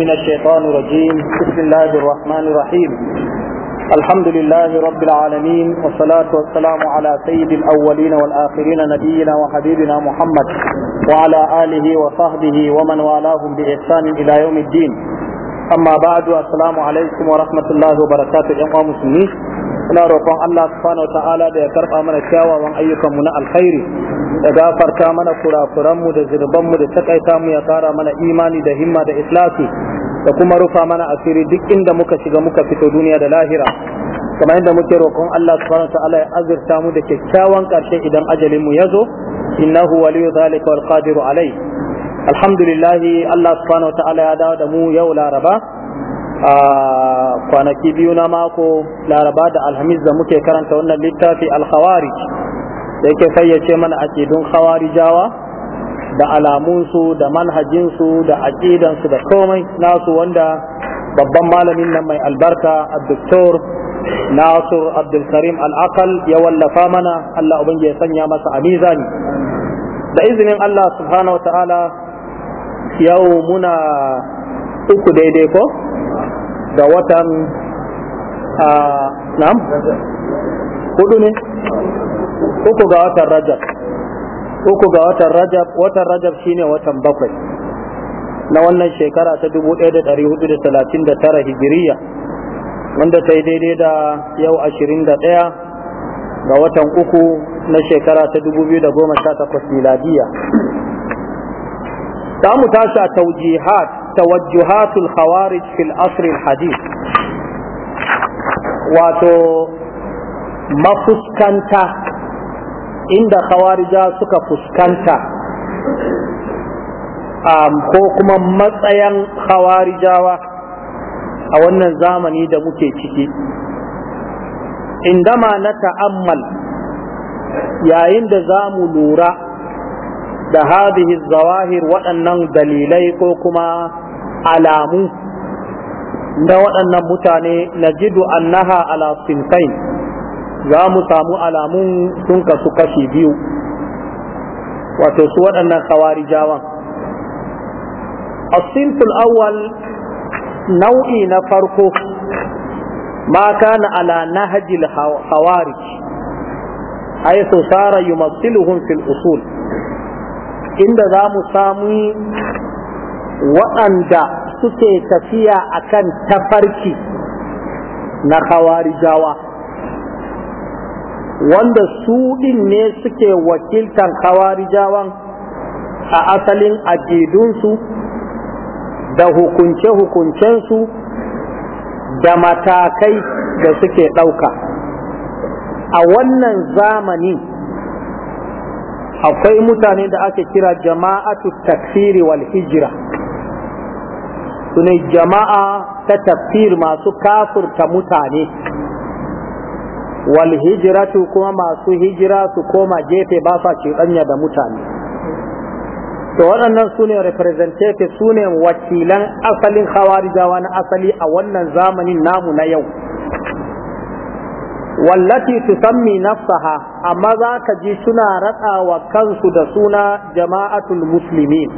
من الشيطان الرجيم بسم الله الرحمن الرحيم الحمد لله رب العالمين والصلاة والسلام على سيد الأولين والآخرين نبينا وحبيبنا محمد وعلى آله وصحبه ومن والاهم بإحسان إلى يوم الدين أما بعد السلام عليكم ورحمة الله وبركاته يا مسلمين ina الله سبحانه وتعالى wataala da ya karɓa أيكم من الخير da gafarta mana kurakuranmu da zurbanmu da takaita mu ya kara mana imani da himma da ikhlasi da kuma rufa mana asiri duk inda muka shiga muka fito duniya da lahira kamar inda muke roƙon Allah subhanahu ta'ala ya azurta mu da kyakkyawan ƙarshe idan ajalin mu ya zo innahu waliyu zalika wal qadiru alai alhamdulillah Allah subhanahu ta'ala ya dawo da mu yau laraba a kwanaki biyu na mako laraba da alhamis da muke karanta wannan littafi al-khawarij da yake fayyace mana aƙidun khawarijawa da alamunsu da manhajinsu da aƙidansu da komai nasu wanda babban malamin nan mai albarka abduktor nasur abdulkarim al'akal ya wallafa mana allah ubangi ya sanya masa amizani da izinin allah subhanahu ta'ala yau muna uku daidai ko da watan na'am hudu ne uku ga watan rajab uku ga watan rajab watan rajab shine watan bakwai na wannan shekara ta 1439 hijiriya wanda ta yi daidai da yau 21 ga watan uku na shekara ta 2018 miladiya za mu tashi a taujihat tawajjuhatul khawarij fil asr al hadith wato mafuskanta inda kawarija suka fuskanta ko kuma matsayin kawarijawa a wannan zamani da muke ciki indama na ta'ammal yayin da za mu lura da hadihi zawahir waɗannan dalilai ko kuma alamu na waɗannan mutane na jidu annaha ala sintain za mu samu alamun sun kasu kashi biyu wato su waɗannan khawarijawan asintul awwal nau'i na farko ma kana ala nahjil khawarij haythu sara yumathiluhum fil usul inda za mu samu waɗanda suke tafiya akan tafarki na khawarijawa wanda su ɗin ne suke wakiltan hawarijawan a asalin aƙidunsu da hukunce-hukuncensu da matakai da suke ɗauka a wannan zamani akwai mutane da ake kira jama'atu takfiri wal hijira su jama'a ta tafsir masu kafurta mutane wal hijratu kuma masu hijira su koma gefe ba sa cuɗanya da mutane to waɗannan su ne representative su ne wakilan asalin khawarijawa na asali a wannan zamanin namu na yau wallati tusammi nafsaha amma za ka ji suna ratsa wa kansu da suna jama'atul muslimin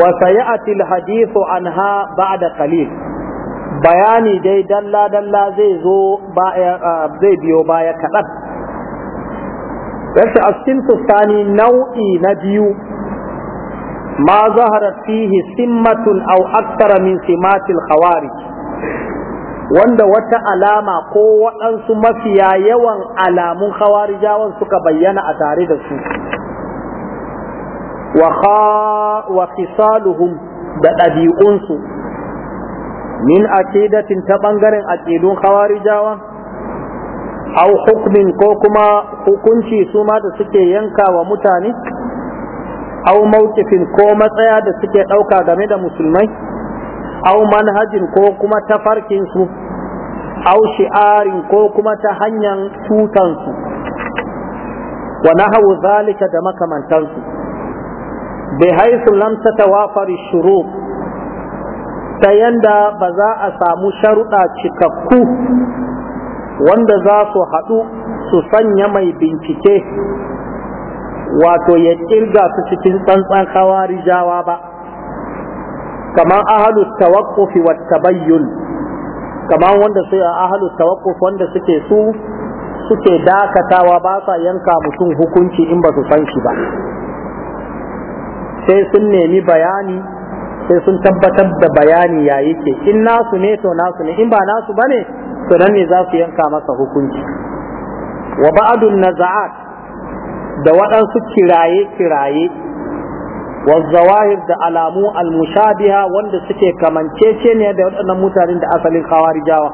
wa sayati alhadithu anha ba'da qalil bayani dai dalla-dalla zai zo zai biyo baya kaɗan. Rasha askin sani nau'i na biyu, ma zahara fihi simmatun au aktara min simatil wanda wata alama ko waɗansu mafiya yawan alamun khawarijawan suka bayyana a tare da su. Wa khisaluhum da ɗabi'unsu min aqidatin ta bangaren aqidun khawarijawa aw hukmin ko kuma hukunci su ma da suke yanka wa mutane aw mawqifin ko matsaya da suke dauka game da musulmai aw manhajin ko kuma tafarkin su aw shi'arin ko kuma ta hanyar tutan su wa nahawu zalika da makamantansu bi haythu lam tatawafar shurut ta yanda ba za a samu sharuɗa cikakku wanda za su haɗu su sanya mai bincike wato ya ƙirga su cikin tsantsan kawari jawa ba kamar ahalus tawakkufi wa tabayyun kamar wanda su ahalus tawakkuf wanda suke su suke dakatawa ba sa yanka mutum hukunci in ba su san shi ba sai sun nemi bayani sai sun tabbatar da bayani ya ce, in nasu ne to nasu ne in ba nasu ne to nan ne za su yanka masa hukunci wa ba'dun naza'at da waɗansu kiraye kiraye wa zawahir da alamu almushabiha wanda suke kamancece ne da waɗannan mutanen da asalin khawarijawa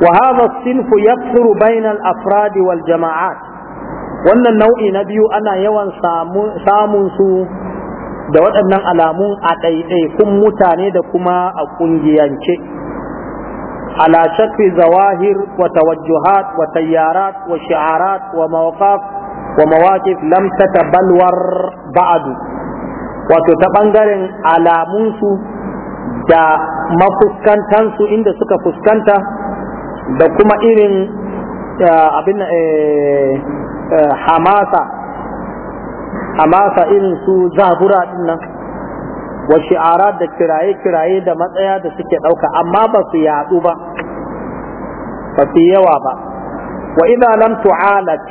wa hadha as-sinfu yakthuru bayna al wal jama'at wannan nau'i na biyu ana yawan samun su da waɗannan alamu a ɗaiɗaikun mutane da kuma a ƙungiyance ala shakri zawahir wa tawajjuhat wa tayyarat wa shi'arat wa mawaqaf wa mawaqif lam tatabalwar ba'du wato ta ɓangaren alamunsu da mafuskantansu inda suka fuskanta da kuma irin eh, abin eh, eh, hamasa amma ka irin su zabura din nan wa shi'ara da kiraye-kiraye da matsaya da suke ɗauka amma ba su yaɗu ba ba su yawa ba wa idza lam tu'alat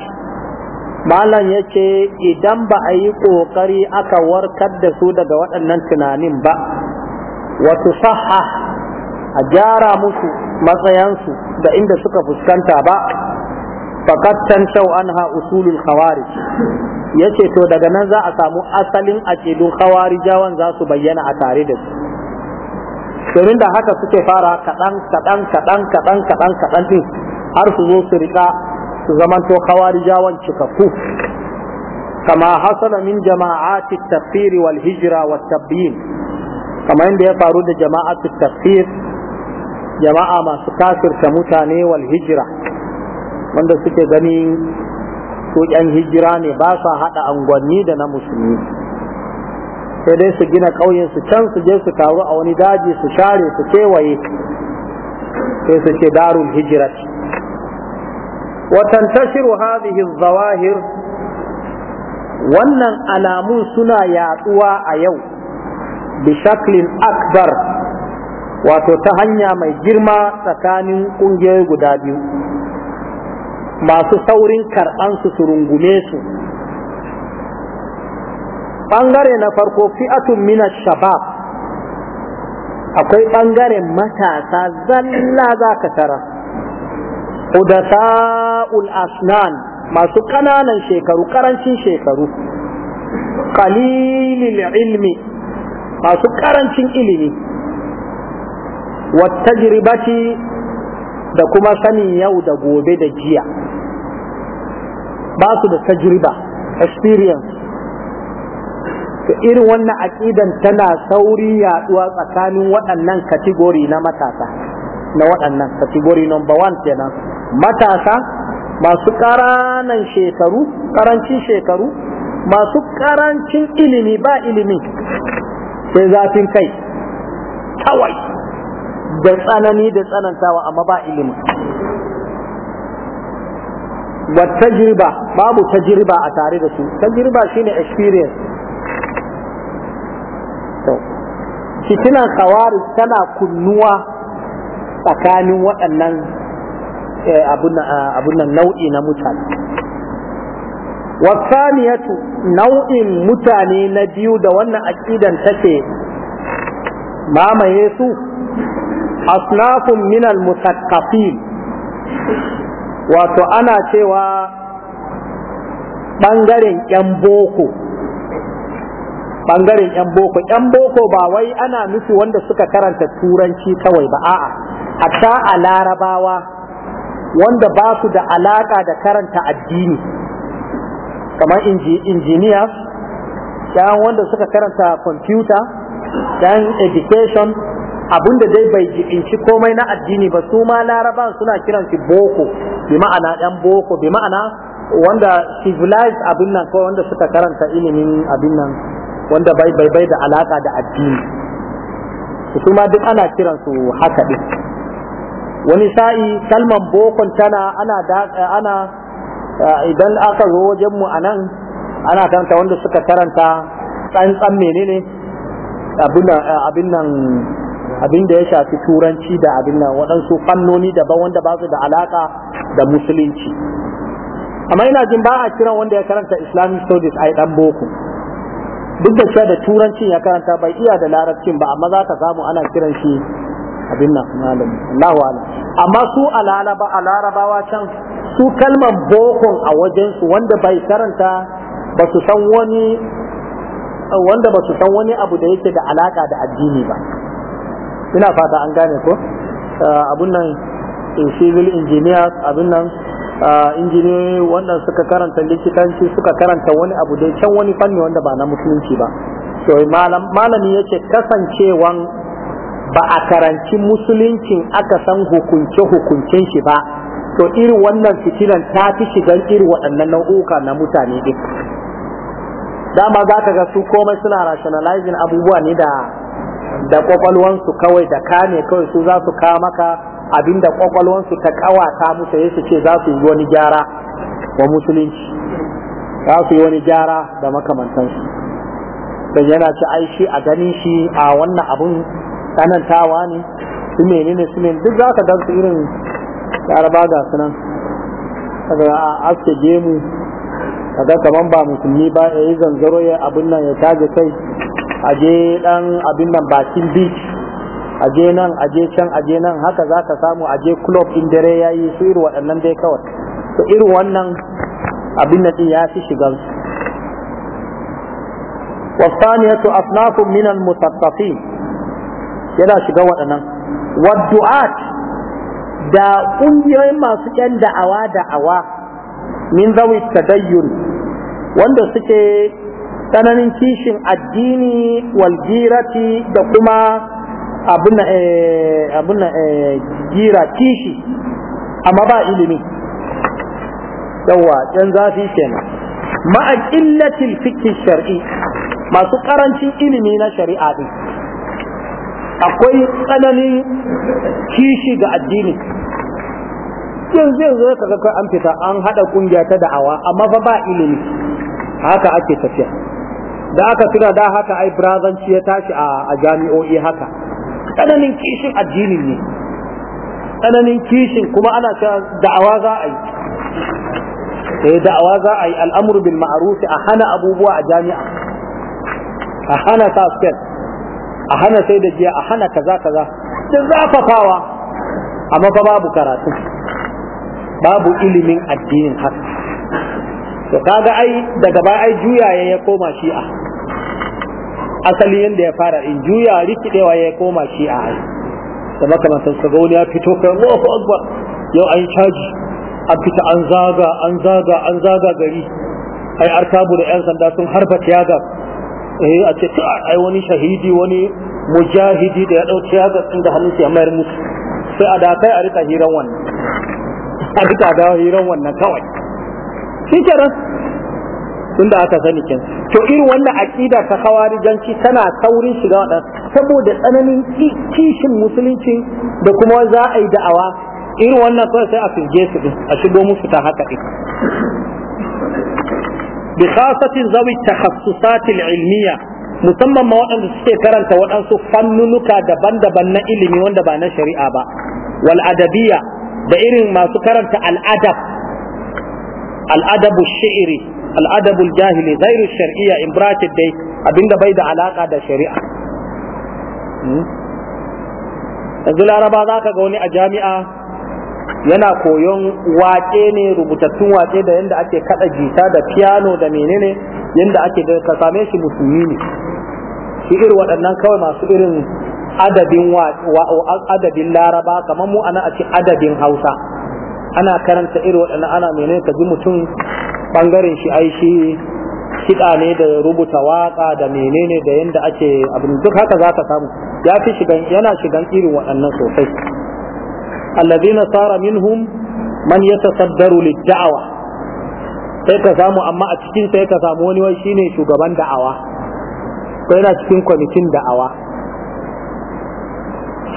malam yace idan ba a yi ƙoƙari aka warkar da su daga waɗannan tunanin ba wa tusahha a gyara musu matsayansu da inda suka fuskanta ba faqad an anha usulul khawarij ya ce to daga nan za a samu asalin aƙidun hawarijawan za su bayyana a tare da su domin da haka suke fara kaɗan kaɗan kaɗan kaɗan kaɗan kaɗan ɗin har su zo su riƙa su zamanto hawarijawan cikakku kama hasala min jama'ati tafsiri wal hijra wat tabyin kama yadda ya faru da jama'atu tafsir jama'a masu kafirta mutane wal hijra wanda suke ganin su yan hijira ne ba sa haɗa angwanni da na musulmi sai dai su gina ƙauyen su can su je su taru a wani daji su share su kewaye sai su ce darul hijirat watantashiru hadhihi zawahir wannan alamun suna yaɗuwa a yau bi shaklin akbar wato ta hanya mai girma tsakanin ƙungiyoyi guda biyu masu saurin karɓan su su rungume su ɓangare na farko fi'atun mina shabab akwai ɓangaren matasa zalla za ka tara udata'ul asnan masu ƙananan shekaru ƙarancin shekaru ƙalilin ilmi masu ƙarancin ilimi wata da kuma sani yau da gobe da jiya ba su da tajriba experience to irin wannan aƙidan tana sauri yaduwa tsakanin waɗannan kategori na matasa na waɗannan kategori number one kenan matasa masu ƙaranan shekaru ƙarancin shekaru masu ƙarancin ilimi ba ilimi sai zafin kai kawai da tsanani da tsanantawa amma ba ilimi wa tajriba babu tajriba a tare da shi tajriba shine experience to fitinan tana kunnuwa tsakanin waɗannan eh, ah, abun nan nau'i na mutane wasaniyatu nau'in mutane na biyu da wannan aqidan take mamaye su asnafun minal mutaqqafin wato ana cewa ɓangaren 'yan boko ɓangaren 'yan boko 'yan boko ba wai ana nufi wanda suka karanta turanci kawai ba a'a hatta a larabawa wanda ba su da alaƙa da karanta addini kamar injiniyas yan wanda suka karanta computer dan education abinda dai bai jibinci komai na addini ba su ma laraban suna kiran shi boko bi ma'ana ɗan boko bi ma'ana wanda civilized abin nan ko wanda suka karanta ilimin abin nan wanda bai bai bai da alaka da addini su ma duk ana kiran su haka din wani sa'i kalman bokon tana ana da ana idan aka zo wajen mu anan ana karanta wanda suka karanta tsantsan menene abin nan abin da ya shafi turanci da abin nan waɗansu fannoni daban wanda ba su da alaka da musulunci amma ina jin ba a kiran wanda ya karanta islamic studies a ɗan boko duk da cewa da turancin ya karanta bai iya da larabcin ba amma za ka samu ana kiran shi abin nan malami Allahu ala amma su a a larabawa can su kalmar bokon a wajen su wanda bai karanta ba su san wani wanda ba su san wani abu da yake da alaka da addini ba ina fata an gane ko ah, abun nan eh, civil engineers abun nan ah, injiniyoyi wannan suka karanta likitanci suka karanta wani abu dai can wani fanni wanda ba na musulunci ba so malami yace kasancewan ba a karanci musuluncin aka san hukunce hukuncen shi ba to irin wannan fitilan ta fi shigan irin waɗannan nau'uka na mutane din dama za ka ga su komai suna rationalizing abubuwa ne da da kwakwalwansu kawai da kane kawai su za su kawo maka abinda kwakwalwansu ta kawata musu ya su ce za su yi wani gyara wa musulunci za su yi wani gyara da makamantansu don yana ci ai shi a ganin shi a wannan abun tsanantawa ne su menene su duk za ka dan su irin yaraba ga sunan daga a aske gemu kaga kamar ba musulmi ba ya yi zanzaro ya abin nan ya tage kai aje dan abin nan bakin beach aje nan aje can aje nan haka za ka samu aje club in dare ya yi su irin waɗannan dai kawai to irin wannan abin nan ya fi shigan su والثانية أصناف من المثقفين yana shiga waɗannan waddu'at da ƙungiyoyin masu ƴan da'awa da'awa min zawi tadayyun wanda suke tsananin kishin addini walgirati da kuma abin eh, eh, gira kishi amma ba ilimi yawa ɗan zafi kenan ma'a ƙillatil fikin shari'i masu ƙarancin ilimi na shari'a din akwai tsananin kishi ga addini yanzu yanzu ya kaga an fita an haɗa ƙungiya ta da'awa amma fa ba ilimi haka ake tafiya da aka tuna da haka ai birazanci ya tashi a jami'o'i haka tsananin kishin addinin ne tsananin kishin kuma ana cewa da'awa za a yi sai eh, da'awa za a yi al'amuru bil ma'arufi a hana abubuwa a jami'a a hana suspect a hana sai da jiya a hana kaza kaza duk zafafawa amma fa babu karatu babu ilimin addinin haka to kaga ai daga ba ai juyaye ya koma shi'a asali yadda ya fara in juya rikidewa ya koma shi'a ai da maka su ga wani ya fito kai Allahu akbar yau an caji an fita an zaga an zaga an zaga gari ai artabu da yan sanda sun harba tiyaga eh a ce ai wani shahidi wani mujahidi da ya dauki tiyaga din da hannun ya mayar musu sai a da kai a rika hiran wannan a rika da hiran wannan kawai shikenan tunda aka sani kin to irin wannan aqida ta khawarijanci tana saurin shiga wadan saboda tsananin kishin musulunci da kuma za a yi da'awa irin wannan kawai sai a firge su a shigo musu ta haka din bi khasatin zawi takhassusat al-ilmiya musamman ma waɗanda suke karanta waɗansu fannunuka daban-daban na ilimi wanda ba na shari'a ba wal da irin masu karanta al'adab al'adabu shi'iri al'adabu jahili zairu shari'a in bracket dai abinda bai da alaka da shari'a yanzu laraba za ka ga wani a jami'a yana koyon wake ne rubutattun wake da yanda ake kaɗa jita da piano da menene yanda ake da ka same shi musulmi ne shi irin waɗannan kawai masu irin adabin adabin laraba kamar mu ana a ce adabin hausa ana karanta irin waɗannan ana menene ka ji mutum ɓangaren shi ai shi kiɗa ne da rubuta waƙa da menene da yadda ake abin duk haka za ka samu ya fi shigan yana shigan irin waɗannan sosai allazina sara minhum man yatasaddaru lid sai ka samu amma a cikin sai ka samu wani wai shine shugaban da'awa ko yana cikin kwamitin da'awa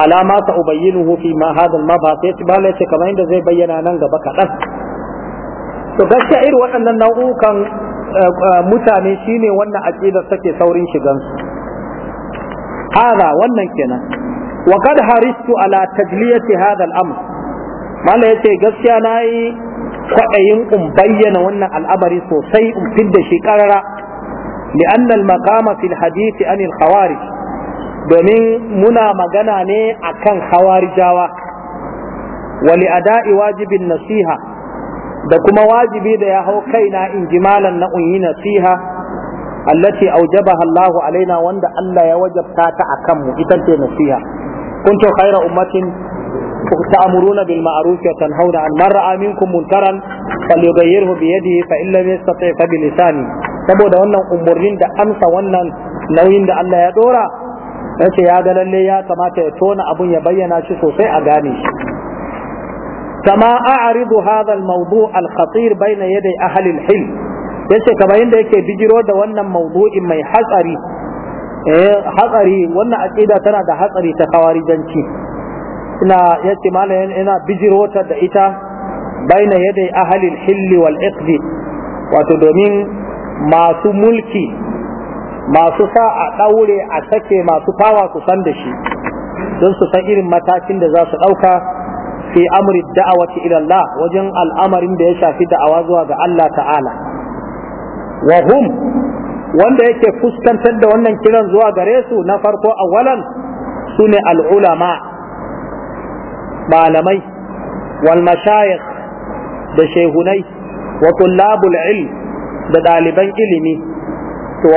alama sa ubayyinuhu fi ma hadha al-mabhas yace ba yace kamar inda zai bayyana nan gaba kadan to gaskiya irin waɗannan nau'ukan mutane shine wannan aqidar take saurin shigan su hada wannan kenan wa kad haristu ala tajliyati hadal al-amr ya yace gaskiya nayi kwaɗayin in bayyana wannan al'amari sosai in fidda shi karara لأن المقام في الحديث عن domin muna magana ne akan hawarijawa a ada'i wajibin nasiha da kuma wajibi da ya hau kaina in ji malam na unyi nasiha allati aujaba Allahu alaina wanda Allah ya wajabta ta akan mu ita ce nasiha kuntu khaira ummatin تأمرون بالمعروف وتنهون عن من رأى منكم منكرا فليغيره بيده فإن fa يستطع فبلسانه saboda wannan umurnin da amsa wannan nauyin da Allah ya dora ya ce ya ga lalle ya kamata ya tona abun ya bayyana shi sosai a gane shi kama a'ridu hadha al maudu al-khatir bayna yadai ahli al-hilm yace kamar yadda yake bijiro da wannan mawdu'in mai hatsari eh hatsari wannan aqida tana da hatsari ta kawarijanci ina yace malam ina bijiro ta da ita bayna yadai ahli al wal-iqd wato domin masu mulki masu sa a ɗaure a sake masu fawa su san da shi don su san irin matakin da za su ɗauka fi amri da'awati ila Allah wajen al'amarin da ya shafi da'awa zuwa ga Allah ta'ala wa hum wanda yake fuskantar da wannan kiran zuwa gare su na farko awalan su ne al'ulama malamai wal mashayikh da shehunai wa tullabul ilm da ɗaliban ilimi to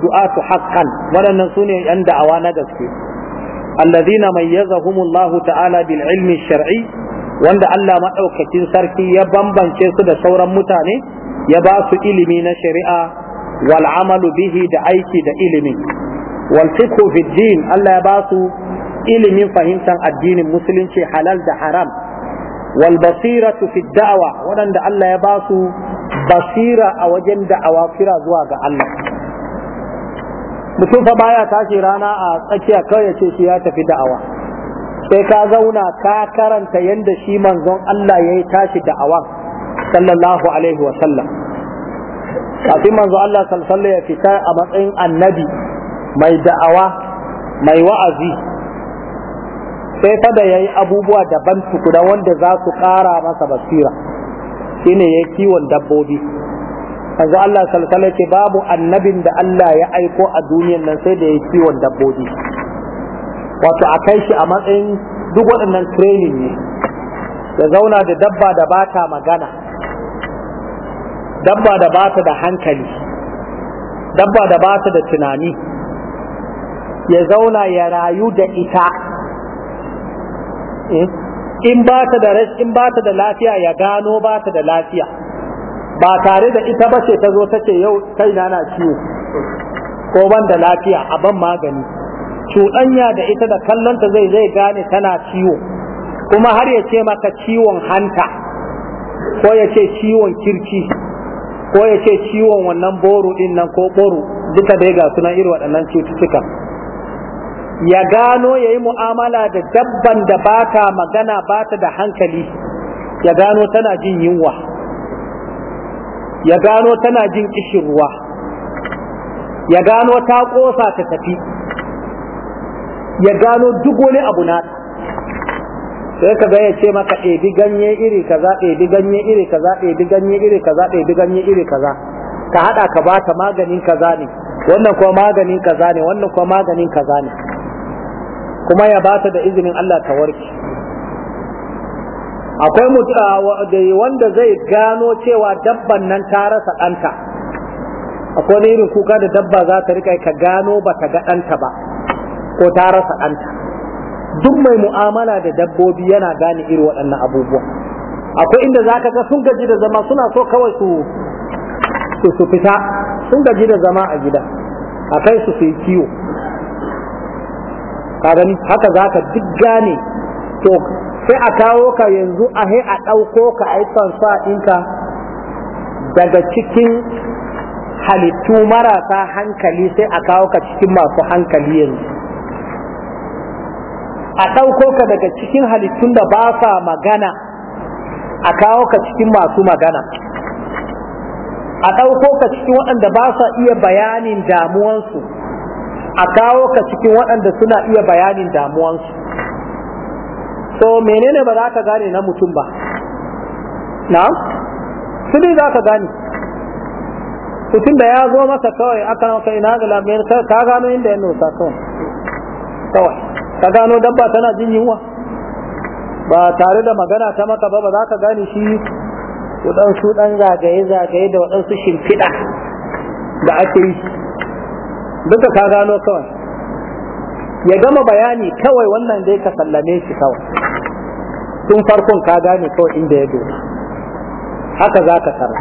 du'atu haqqan waɗannan sune yan da'awa na gaske alladhina mayyazahum Allah ta'ala bil ilmi shar'i wanda Allah madaukakin sarki ya bambance su da sauran mutane ya ba su ilimi na shari'a wal amalu bihi da aiki da ilimi wal fiqhu fid Allah ya ba su ilimin fahimtar addinin musulunci halal da haram wal basiratu fi da'wa waɗanda Allah ya ba su basira a wajen da'awa kira zuwa ga Allah mutum fa baya tashi rana a tsakiya kawai ya ce shi ya tafi da'awa sai ka zauna ka karanta yadda shi manzon Allah ya yi tashi da'awa sallallahu alaihi wa sallam kafin manzon Allah sallallahu ya fita a matsayin annabi mai da'awa mai wa'azi sai fa da yayi abubuwa daban tukuna wanda za su ƙara masa basira shine yayi kiwon dabbobi yanzu Allah salsala ce babu annabin da Allah ya aiko a duniyan nan sai da ya kiwon dabbobi wato a kai shi a matsayin duk waɗannan training ne da zauna da dabba da bata magana dabba da bata da hankali dabba da bata da tunani ya zauna ya rayu da ita eh? in in bata da lafiya ya gano bata da lafiya ba tare da ita ba ce ta zo ta ce yau kai na na ciwo ko ban da lafiya a ban magani cuɗanya da ita da kallonta zai zai gane tana ciwo kuma har ya ce maka ciwon hanta ko ya ce ciwon kirki ko ya ce ciwon wannan boru din nan ko boru duka dai ga sunan irin waɗannan cututtuka ya gano ya yi mu'amala da dabban da ba ta magana ba ta da hankali ya gano tana jin yunwa ya gano tana jin kishin ruwa ya gano ta kosa ta tafi ya gano duk wani abu nata sai ka ga ya ce maka ɗebi ganye iri kaza ɗebi ganye iri kaza ɗebi ganye iri kaza ɗebi ganye iri kaza ka haɗa ka bata maganin kaza ne wannan kuma maganin kaza ne wannan kuma maganin kaza ne kuma ya bata da izinin Allah ta warke akwai wanda zai gano cewa dabban nan ta rasa ɗanta akwai wani irin kuka da dabba za ta rika ka gano ba ta ga ɗanta ba ko ta rasa ɗanta duk mai mu'amala da dabbobi yana gane irin waɗannan abubuwa akwai inda za ka ga sun gaji da zama suna so kawai su su fita sun gaji da zama a gida a kai su su yi kiwo ka haka za ka duk gane to sai a kawo ka yanzu a he a ɗauko ka a yi in ɗinka daga cikin halittu marasa hankali sai a kawo ka cikin masu hankali yanzu a ɗauko ka daga cikin halittun da ba sa magana a kawo ka cikin masu magana a ɗauko ka cikin waɗanda ba sa iya bayanin damuwansu a kawo ka cikin waɗanda suna iya bayanin damuwansu to menene ba za ka gane na mutum ba na su ne za ka gane mutum da ya zo masa kawai aka kai ina ga lamiyar ka gano inda ya nusa kawai kawai ka gano dabba tana jin yunwa ba tare da magana ta maka ba ba za ka gane shi waɗansu ɗan zagaye-zagaye da waɗansu shimfiɗa da ake yi duka ka gano kawai ya gama bayani kawai wannan dai ka sallame shi kawai tun farkon ka gane kawai inda ya dosa haka za ka tara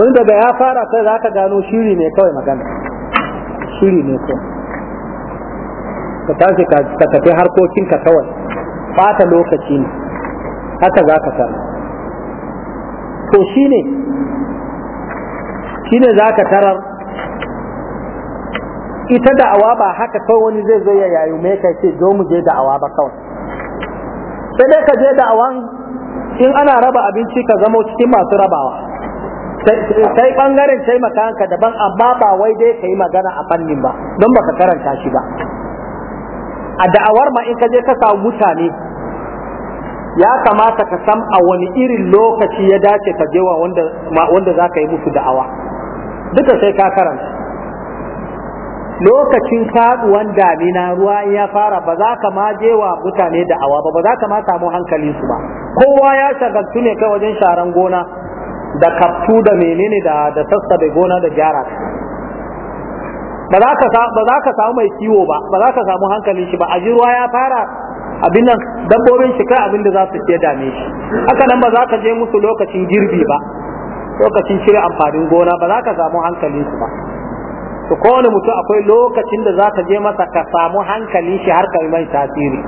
wani daga ya fara sai za ka gano shiri ne kawai magana shiri ne kawai ka tashi ka tafi harkokinka kawai fata lokaci ne haka za ka tara to shi ne shi ne za ka tarar ita da'awa ba haka kawai wani zai zo ya yayu me kai ce zo mu je da'awa ba kawai sai dai ka je da'awan in ana raba abinci ka zama cikin masu rabawa sai bangaren taimakanka daban amma ba wai dai ka yi magana a fannin ba don baka karanta shi ba a da'awar ma in ka je ka samu mutane ya kamata ka san a wani irin lokaci ya dace ka je wa wanda za ka yi musu da'awa duka sai ka karanta lokacin faduwan damina ruwa in ya fara ba za ka ma je wa mutane da awa ba ba za ka ma samu hankalin su ba kowa ya shagaltu ne kai wajen sharan gona da kaftu da menene da da da gona da gyara ba za ka ba za ka samu mai kiwo ba ba za ka samu hankalin shi ba a ji ruwa ya fara abin nan dabbobin shi kai abin da za su ke dame shi haka nan ba za ka je musu lokacin girbi ba lokacin cire amfanin gona ba za ka samu hankalin su ba to kowane mutum akwai lokacin da zaka je masa ka samu hankali shi har kai mai tasiri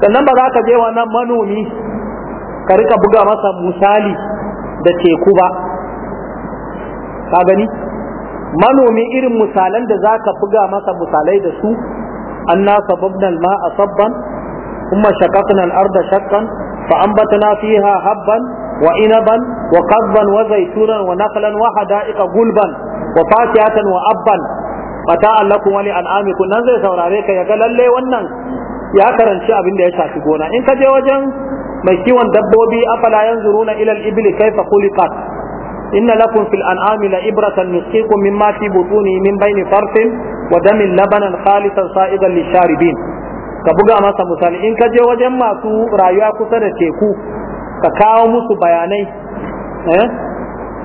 sannan ba za ka je wannan manomi ka rika buga masa misali da teku ba ka gani manomi irin misalan da za ka buga masa misalai da su an na ma a sabban kuma shakakna arda shakkan fa ambatna fiha habban wa wa Inaban وعنبا وقضبا وزيتونا wa وحدائق غلبا وفاكهة وأبا متاعا لكم ولأنعامكم ننزل سوراريك يقال لي ونن ya karanci abin da ya shafi gona in ka je wajen mai kiwon dabbobi afala yanzuruna ilal al-ibli kayfa khuliqat inna lakum fil an'ami na ibratan nusqikum mimma fi butuni min bayni farsin wa damin labanan khalisan sa'idan lisharibin ka buga masa misali in ka je wajen masu rayuwa kusa da teku ka kawo musu bayanai eh?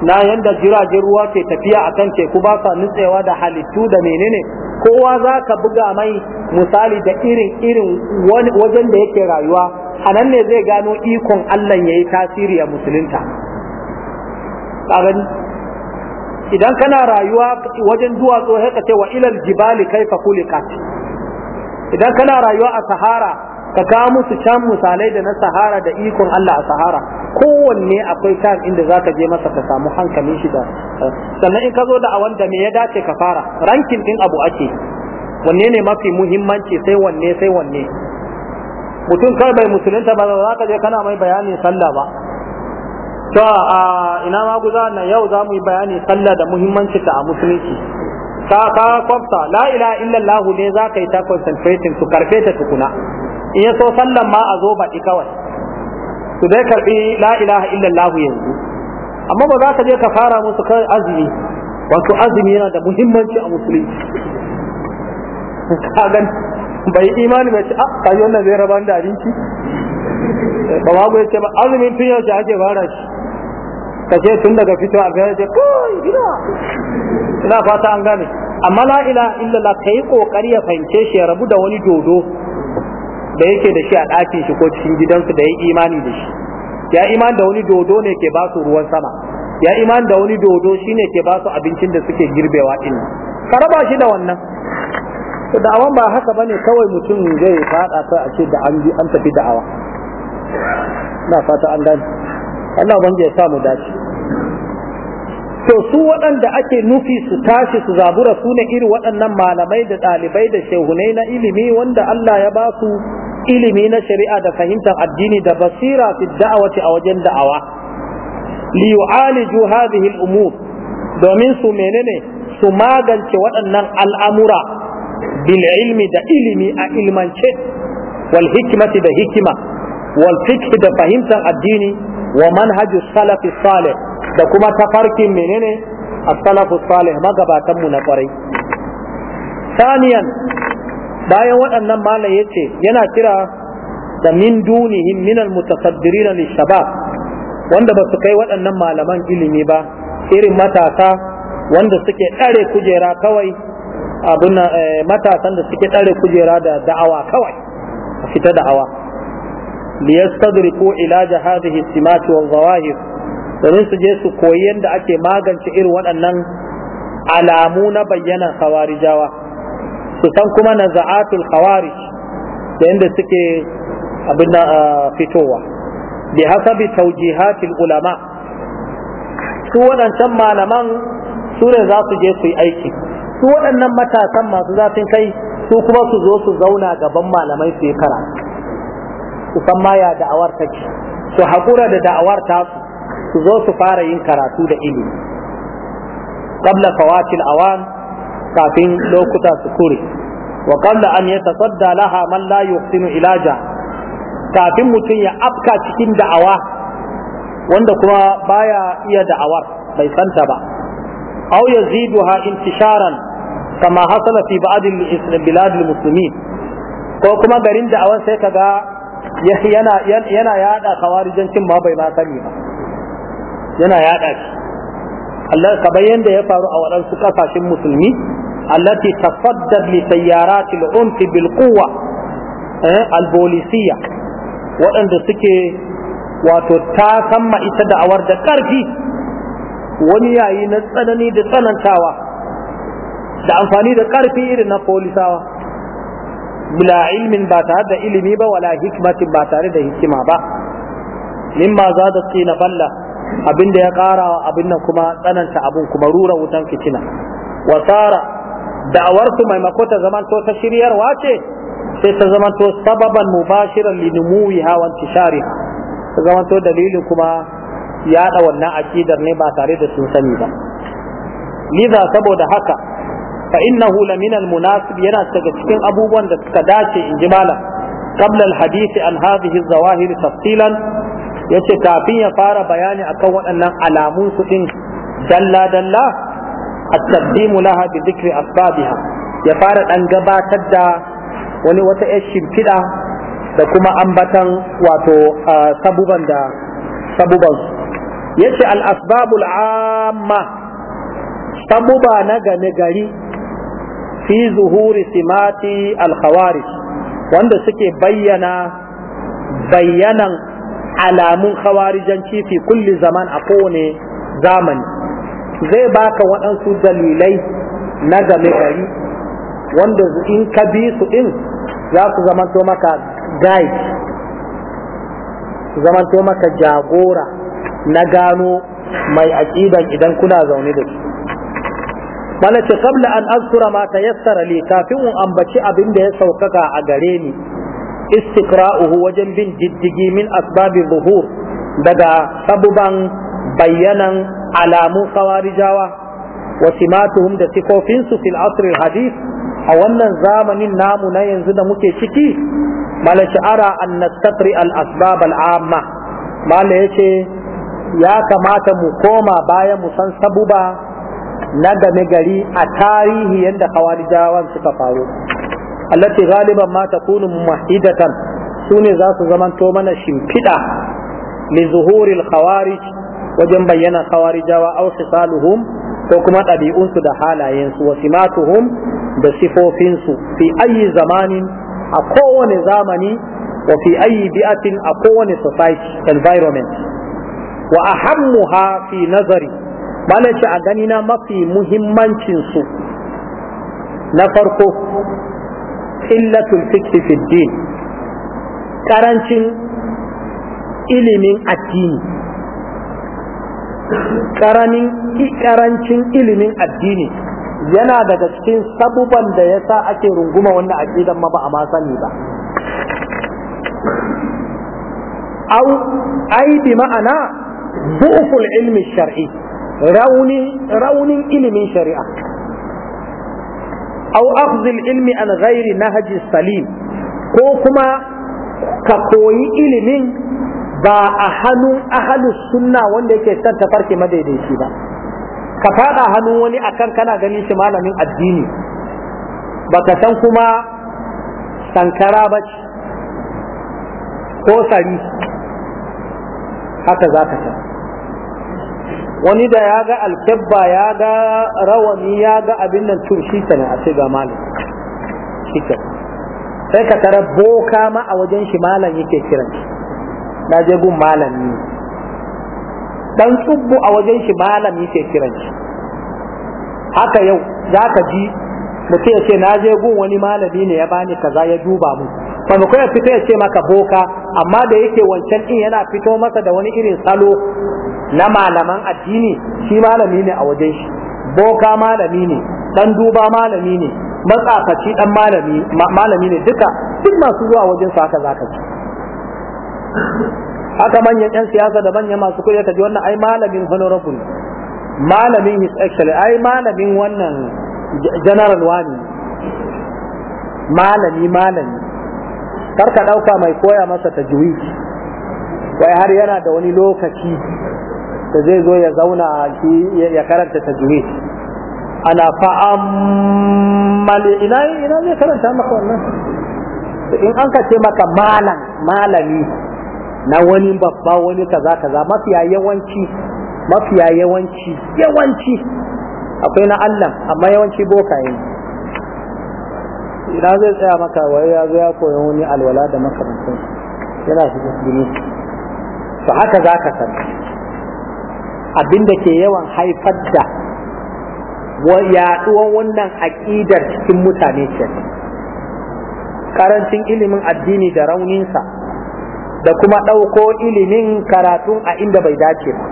na yadda jiragen ruwa ke tafiya a kan teku ba sa nutsewa da halittu da menene kowa za ka buga mai misali da irin irin wajen da yake rayuwa a nan ne zai gano ikon Allah ya yi tasiri a musulunta idan kana rayuwa wajen duwatsu sai ka ce wa ilal jibali kaifa kulikat idan kana rayuwa a sahara ka kawo musu can misalai da na sahara da ikon Allah a sahara kowanne akwai kan inda za ka je masa ka samu hankalin shi da sannan in ka zo da a wanda me ya dace ka fara rankin din abu ake wanne ne mafi muhimmanci sai wanne sai wanne mutum kai bai musulunta ba za ka je kana mai bayanin sallah ba to a ina ma guza na yau za mu yi bayanin sallah da muhimmanci ta a musulunci ka ka kwafta la ilaha illallah ne za ka yi ta concentrating su karfe ta tukuna in ya so sallan ma a zo baɗi kawai su dai karɓi la ilaha illallahu yanzu amma ba za ka je ka fara musu kawai azumi wato azumi yana da muhimmanci a musulunci kagan bai imani bai ce ah, a yi wannan zai raba da abinci ba ma ya ce ba azumin tun yaushe ake fara shi ka ce tun daga fito a gaya ce kai gina ina fata an gane amma la ilaha illallah kai kokari ya fahimce shi ya rabu da wani dodo da yake da shi a ɗakin shi ko cikin gidansu da ya imani da shi ya imani da wani dodo ne ke ba su ruwan sama ya imani da wani dodo shi ne ke ba su abincin da suke girbewa din ka raba shi da wannan to da'awan ba haka bane kawai mutum zai fada ta a ce da an an tafi da'awa na fata an gani Allah ubangiji ya sa mu dace to su waɗanda ake nufi su tashi su zabura su ne irin waɗannan malamai da ɗalibai da shehunai na ilimi wanda Allah ya ba su ilimi na shari'a da fahimtar addini da basira fi da'awati a wajen da'awa li yu'aliju hadhihi al-umur domin su menene su magance waɗannan al'amura bil ilmi da ilimi a ilmance wal hikmati da hikima wal fiqh da fahimtar addini wa manhaju salafi salih da kuma tafarkin menene as-salafu salih magabatan mu na kwarai ثانيا bayan waɗannan malam ya ce yana kira da min dunihim minal mutasaddirin lishabab wanda ba su kai waɗannan malaman ilimi ba irin matasa wanda suke ɗare kujera kawai abun eh, matasan da suke ɗare kujera da da'awa kawai a fita da'awa liyastadriku ilaja hadhihi simati wal zawahir domin su je su koyi yadda ake magance irin waɗannan alamu na bayyanan hawarijawa su san kuma na za'atul khawarij da yadda suke abin fitowa bi hasabi taujihatil ulama su waɗancan malaman su ne za su je su yi aiki su waɗannan matasan masu zafin kai su kuma su zo su zauna gaban malamai su yi karatu su san maya da'awar take su haƙura da da'awar su. su zo su fara yin karatu da ilimi qabla fawatil awan kafin lokuta su kure wa qabla an yatasadda laha man la yuhsinu ilaja kafin mutum ya afka cikin da'awa wanda kuma baya iya da'awar bai santa ba aw yaziduha intisharan kama hasala fi ba'd al-bilad al-muslimin ko kuma garin da'awan sai kaga yana yana yada khawarijancin ma bai ma sani ba yana yada shi Allah kamar yadda ya faru a waɗansu ƙasashen musulmi التي تصدت لسيارات العنف بالقوة البوليسية وأن سكي وتتاسم إتدع ورد كارفي ونياي نتسنني دسنن تاوى da amfani da ƙarfi irin na polisawa bila ilmin ba tare da ilimi ba wala hikmatin ba tare da hikima ba mimma za da tsina balla abinda ya ƙara abin nan kuma tsananta abun kuma rura wutan fitina wasara da'awarsu maimako ta zamanto ta shiryarwa ce sai ta zamanto sababan mu li numuwiha hawan tishari. ta zamanto dalilin kuma yaɗa wannan akidar ne ba tare da sun sani ba liza saboda haka fa innahu al almunasib yana daga cikin abubuwan da suka dace in ji malam qabla alhadisi an hadhihi zawahir tafsilan yace kafin ya fara bayani akan waɗannan alamun su din dalla dalla at Lahadi, laha bi ya fara ɗan gabatar da wani wata yar shimfiɗa da kuma ambatan wato sabuban da sabuban yace al-asbabul amma sabuba na game gari fi zuhuri simati al wanda suke bayyana bayyanan alamun khawarijanci fi kulli zaman a kowane zamani zai baka waɗansu dalilai na game gari wanda in ka bi su in za su zamanto maka gai su zamanto maka jagora na gano mai aƙidan idan kuna zaune da su ce kabla an azura ma yassara li kafin in ambaci abin da ya saukaka a gare ni istiqra'uhu wajen bin diddigi min asbabi zuhur daga sabuban bayanan. alamun kawarijawa wa simatuhum da sifofinsu fil asr a wannan zamanin namu na yanzu da muke ciki mala sha'ara an nastatri al asbab al amma mala yace ya kamata mu koma bayan mu san sabuba na game gari a tarihi yadda kawarijawan suka faru allati ghaliban ma takunu muwahidatan sune za su zamanto mana shimfiɗa li zuhuril khawarij wajen bayyana jawa, aw khisaluhum ko kuma ɗabi'unsu da halayensu wa simatuhum da sifofinsu fi ayi zamanin a kowane zamani wa fi ayi bi'atin a kowane society environment wa ahammuha fi nazari malaci a gani na mafi muhimmancinsu na farko illatul fikhi fi din karancin ilimin addini Ƙarancin karancin ilimin addini yana daga cikin sabuban da ya sa ake runguma wannan aqidan ma ba a ma sani ba au ai bi ma'ana bu'ful ilmi shar'i raunin ilimin shari'a au akhdh ilmi an ghairi nahji salim ko kuma ka koyi ilimin ba a hannun ahalus sunna wanda yake son tafarki madaidaici ba ka fada hannun wani akan kana ganin shi malamin addini ba. baka san kuma sankara ba ce ko sari haka za ka san wani da ya ga alkebba ya ga rawani ya ga abin nan tun shi a ce ga malam shi sai ka tara boka ma a wajen shi malam yake kiran shi na je gun malami dan tsubbu a wajen shi malami ke kiran shi haka yau za ka ji mutum ya ce na je gun wani malami ne ya bani kaza ya duba mu fa mu ya fito ya ce maka boka amma da yake wancan din yana fito masa da wani irin salo na malaman addini shi malami ne a wajen shi boka malami ne dan duba malami ne matsafaci dan malami malami ne duka duk masu zuwa wajen sa haka ka ji haka manyan yan siyasa da manyan masu kuɗi ta ji wannan ai malamin honorable malamin his actually ai malamin wannan general wani malami malami karka ɗauka mai koya masa tajwidi wai har yana da wani lokaci da zai zo ya zauna ya karanta tajwid ana fa'ammal ina ina zai karanta maka wannan in an ka ce maka malam malami na wani babba wani kaza kaza mafiya yawanci mafiya yawanci yawanci akwai na Allah amma yawanci bokaye ina zai tsaya maka wai ya zo ya koyi wani alwala da makamantan yana shi jini to haka za ka san abinda ke yawan haifar da yaduwan wannan aƙidar cikin mutane ce karancin ilimin addini da rauninsa da kuma ɗauko ilimin karatu a inda bai dace ba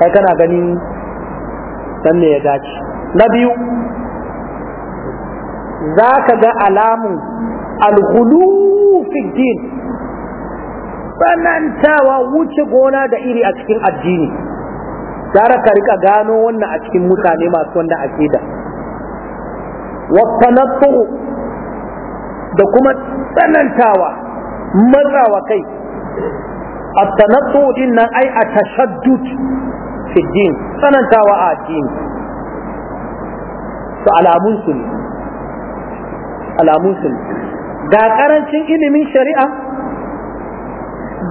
kai kana ganin dan ne ya dace na biyu za ka ga alamun alhulu fi din tsanantawa wuce gona da iri a cikin addini gara ka rika gano wannan a cikin mutane masu wannan akida wasanattu da kuma tsanantawa matsawa kai at-tanattu din nan ai at-tashaddud fi din sanantawa a addini to alamun su ne alamun su ne ga ƙarancin ilimin shari'a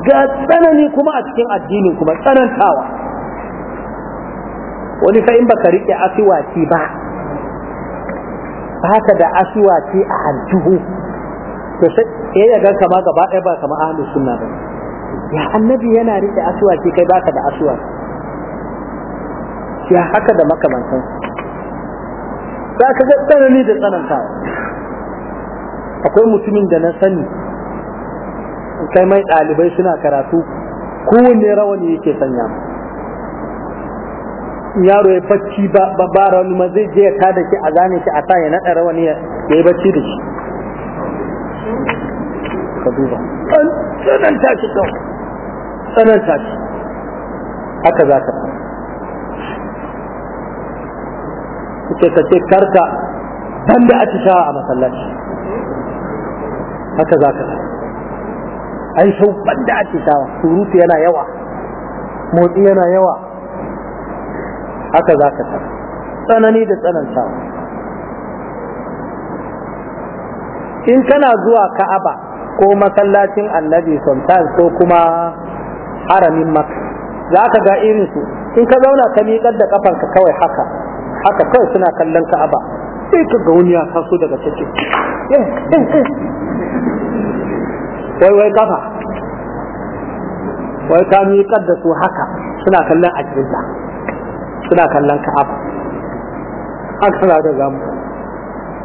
ga tsanani kuma a cikin addinin kuma tsanantawa wani fa baka riƙe asiwaki ba haka da asiwaki a aljihu to sai ya ga kama gaba ɗaya ba kama ahlus sunna ba ya annabi yana rike asuwaki kai baka da asuwa ya haka da makamantan za ka ga tsanani da tsananta akwai mutumin da na sani kai mai ɗalibai suna karatu kowanne rawani yake sanya yaro ya bacci ba ba rawani ma zai je ya kada shi a zane shi a sa ya naɗa rawani ya yi bacci da shi ka duba tsananta shi kawai tsananta shi haka za ka ce ka ce karka ban da atishawa a masallaci haka za ka an shau ban da atishawa surutu yana yawa motsi yana yawa haka za ka tsanani da tsanantawa in kana zuwa ka'aba ko masallacin annabi sometimes ko kuma haramin maka za ka ga irinsu in ka zauna ka miƙar da ƙafarka kawai haka haka kawai suna kallon ka'aba sai ka ga wani ya taso daga ciki eh, eh, eh. wai wai kafa wai ka miƙar da su haka suna kallon ajiyarta suna kallon ka'aba haka na da zamu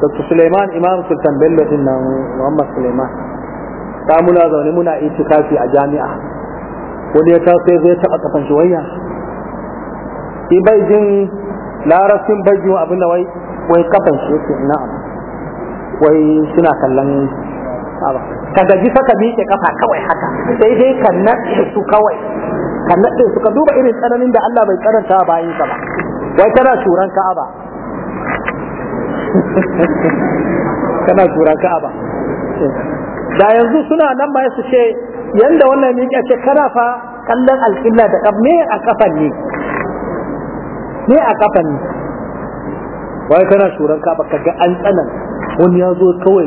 Dr. Suleiman Imam Sultan Bello din nan Muhammad Suleiman da muna zaune muna itikafi a jami'a wani ya ta sai zai taɓa kafan shi waya shi bai jin larabcin bai jin abin da wai wai kafan shi yake na'am wai suna kallon ka gaji saka miƙe kafa kawai haka sai dai ka naɗe su kawai ka naɗe su ka duba irin tsananin da Allah bai karanta a bayin sa ba wai kana shuran ka'aba kana shuran ka'aba da yanzu suna nan ma su ce yanda wannan miƙa ce kana fa kallon alƙilla da ƙaf ne a kafan ne ne a kafan ne wai kana shuran ka baka ga an tsanan wani ya zo kawai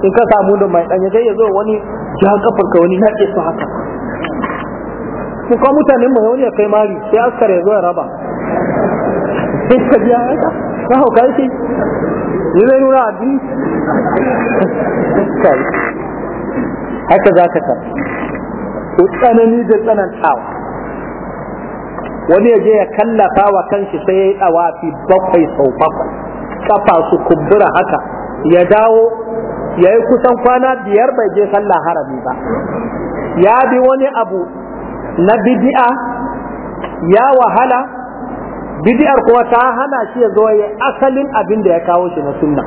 in ka samu da mai ɗanya sai ya zo wani ja kafar ka wani yaƙe su haka ku kuma mutanen mu wani ya kai mari sai askar ya zo ya raba sai ka biya ka hauka shi yi zai nuna addini haka za ka tara tsanani da tsanantawa wani ya je ya kallafa wa kanshi sai ya yi ɗawafi bakwai sau bakwai kafa su kumbura haka ya dawo ya yi kusan kwana biyar bai je sallah harami ba ya bi wani abu na bidi'a ya wahala bidi'ar kuwa ta hana shi ya zo ya asalin abin da ya kawo shi na sunna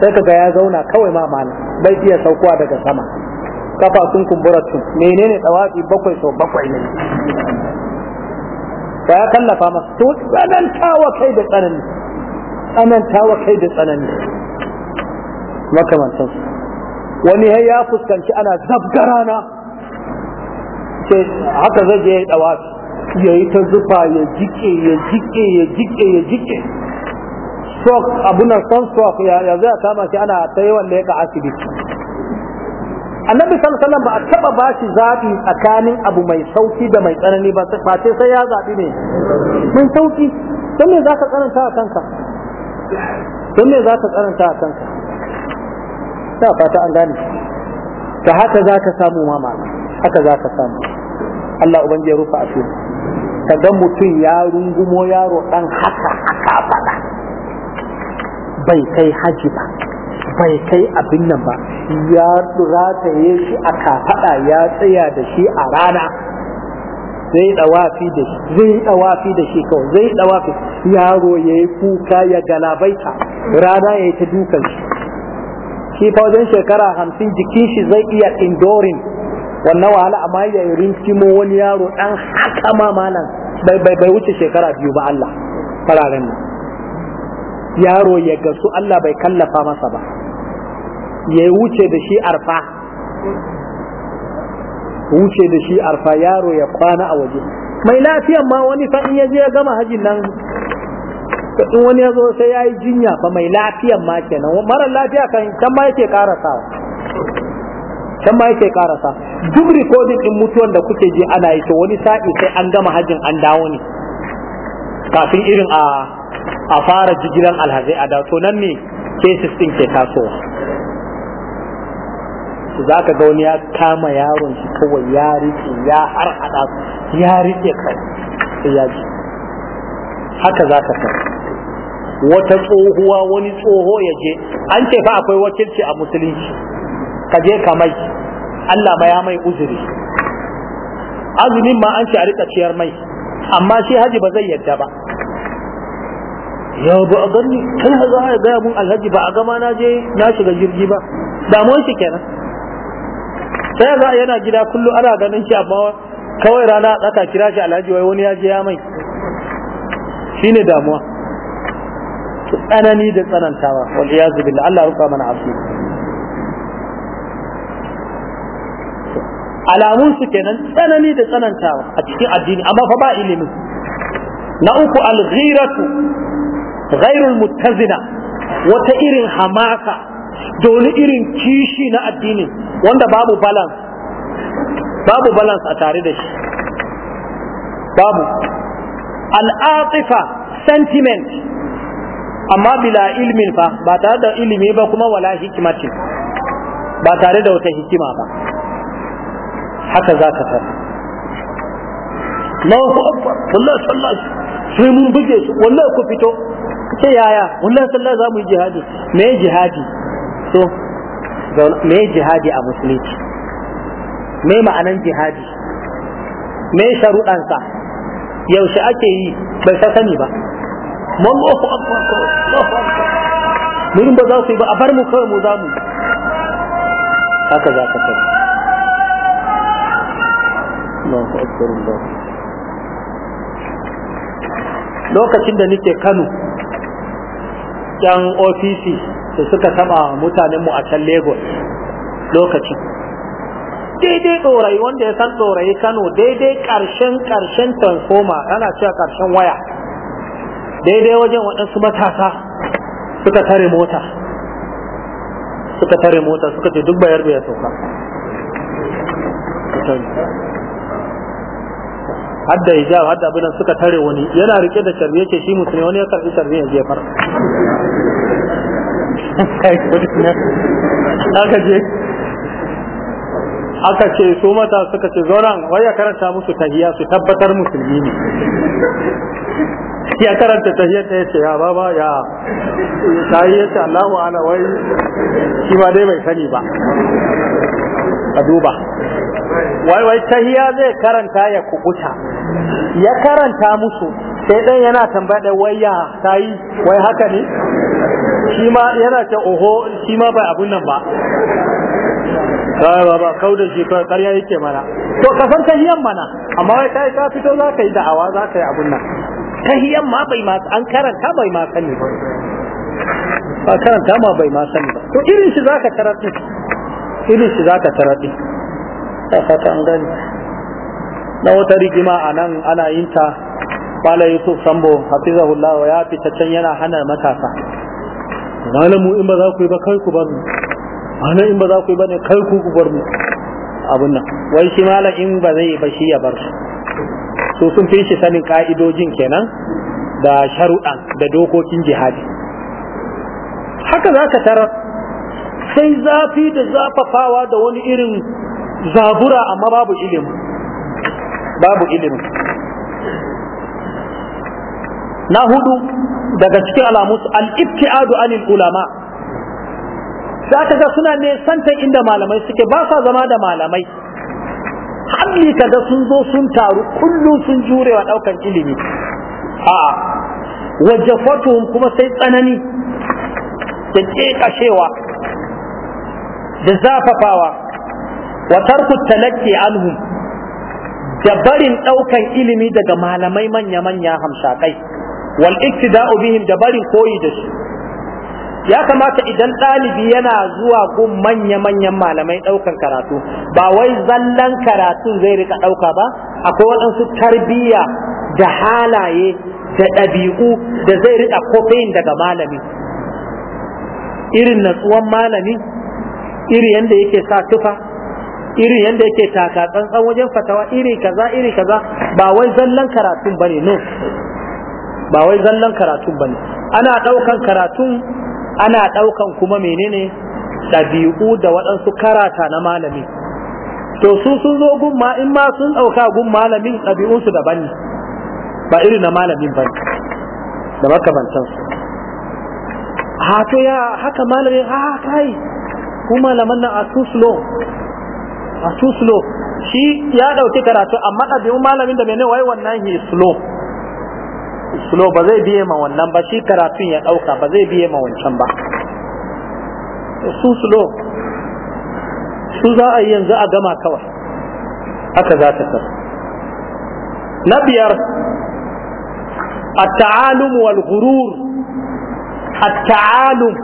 sai kaga ya zauna kawai ma malam bai iya saukowa daga sama kafa sun kumbura su menene tsawafi bakwai sau bakwai ne ba ya kallafa masa to tsanantawa kai da tsanani tsanantawa kai da tsanani makamantan wani ya fuskanci ana zabgarana sai haka zai je ya yi tsawafi ya yi ta zufa ya jike ya jike ya jike ya jike stroke abun nan son stroke ya zai kama shi ana ta yawan leka asibiti annabi sallallahu ba a taba ba shi zaɓi tsakanin abu mai sauki da mai tsanani ba sai sai ya zaɓi ne mai sauki don me za ka karanta a kanka don me za ka karanta a kanka ta fata an gane ta haka za ka samu mama haka za ka samu Allah ubangiji ya rufa a ka ga mutum ya rungumo yaro dan haka haka fada bai kai haji ba bai kai abin nan ba ya rataye shi a kafada ya tsaya da shi a rana zai dawafi da shi zai dawafi da shi kawai zai dawafi yaro ya yi kuka ya galabaita rana ya yi ta dukan shi shi fa wajen shekara hamsin jikin shi zai iya indorin wannan wahala amma ya yi rinkimo wani yaro dan haka ma malam bai wuce shekara biyu ba Allah fararen nan yaro ya gasu Allah bai kallafa masa ba ya wuce da shi arfa wuce da shi arfa yaro ya kwana a waje mai lafiyan ma wani fa in ya je ya gama hajin nan in wani ya zo sai ya yi jinya fa mai lafiyan ma kenan mara lafiya kan can ma yake karasawa can ma yake karasa duk rikodin din mutuwan da kuke ji ana yi to wani sa'i sai an gama hajin an dawo ne kafin irin a a fara jigilan alhazai a dato nan ne cases din ke tasowa za ka ga wani ya kama yaron shi kawai ya rike ya har hada ya rike kai sai ya ji haka za ka kai wata tsohuwa wani tsoho ya je an ce fa akwai wakilci a musulunci ka je ka mai Allah ma ya mai uzuri azumin ma an ce a rika ciyar mai amma shi haji ba zai yadda ba ya ba a gani kana za a gaya mun alhaji ba a gama na je na shiga jirgi ba damuwar shi kenan sai za yana gida kullum ana ganin shi amma kawai rana tsaka kira shi alhaji wai wani ya je ya mai shine damuwa tsanani da tsanantawa wal iyazu billah Allah rufa mana afi alamun su kenan tsanani da tsanantawa a cikin addini amma fa ba ilimi na uku al ghairul muttazina wata irin hamaka da wani irin kishi na addini wanda babu balance babu balance a tare da shi babu al'atifa sentiment amma bila ilmin fa ba tare da ilimi ba kuma wala hikima hikimatin ba tare da wata hikima ba haka za ka tara Allahu akbar wallahi sallallahu sai mun buge su wallahi ku fito ce yaya wallahi sallah za mu yi jihadi me jihadi to me jihadi a musulunci me ma'anan jihadi me sharuɗansa yaushe ake yi bai sa sani ba Allahu akbar mun ba za su yi ba a bar mu kawai mu za mu haka za ka kai. lokacin da nake Kano yan ofisi da suka taba mutanen mu a can Lagos lokaci daidai tsorai wanda ya san tsorai Kano daidai karshen karshen transformer ana cewa karshen waya daidai wajen waɗansu matasa suka tare mota suka tare mota suka ce duk bayar bai sauka hadda hijab hadda abin suka tare wani yana rike da tarbiya yake shi musulmi wani ya karbi tarbiya je far aka je aka ce su mata suka ce zauna wai ya karanta musu tahiyya su tabbatar musulmi ne ya karanta tahiyar ta yace ya baba ya tayi yace Allahu ala wai shi ba dai bai sani ba a duba wai wai tahiya zai karanta ya kubuta ya karanta musu sai dan yana tambaya da waya tayi wai haka ne shi ma yana ce oho shi ma bai abun nan ba sai baba kau da shi kai kariya yake mana to ka san tahiyan mana amma wai kai ka fito za ka yi da'awa za ka yi abun nan tahiyan ma bai ma an karanta bai ma sani ba ba karanta ma bai ma sani ba to irin shi za ka karatu irin shi za ka karatu da gani na wata rigima a nan ana yin ta bala yusuf sambo hafizahullah ya fita can yana hana matasa malamu in ba za ku yi ba kai ku bar mu ana in ba za ku yi ba ne kai ku ku bar mu abun nan wai shi malam in ba zai ba shi ya bar su su sun fi shi sanin ka'idojin kenan da sharuɗan da dokokin jihadi haka za ka tarar sai zafi da zafafawa da wani irin zabura amma babu ilimi babu ilimi na hudu daga cikin alamus al-ibtiadu anil ulama za ka ga suna ne santan inda malamai suke ba sa zama da malamai halli ka ga sun zo sun taru kullum sun jure wa daukan ilimi a wajafatuhum kuma sai tsanani da kashewa da zafafawa wa tarku talakki anhum da barin daukan ilimi daga malamai manya manya hamshakai wal iktida'u bihim da barin koyi da su ya kamata idan ɗalibi yana zuwa gun manya-manyan malamai ɗaukan karatu ba wai zallan karatun zai rika ɗauka ba akwai waɗansu tarbiyya da halaye da ɗabi'u da zai rika kofin daga malami irin natsuwan malami iri yadda yake sa tufa irin yadda yake taka tsantsan wajen fatawa iri kaza iri kaza ba wai zallan karatun bane no ba wai zallan karatun bane ana daukan karatun ana daukan kuma menene dabi'u da waɗansu karata na malami to su sun zo gun ma in ma sun dauka gun malamin dabi'un su daban ne ba irin na malamin bane da makamantan su ha to ya haka malamin ha kai kuma malaman nan a a ah, too slow shi ya dauki karatu amma ɗabi'un malamin da mene wai wannan he slow slow ba zai biye ma wannan ba shi karatun ya dauka ba zai biye ma wancan ba su slow su za a yi yanzu a gama kawai haka za ta kar na biyar ta'alum التعالم a ta'alum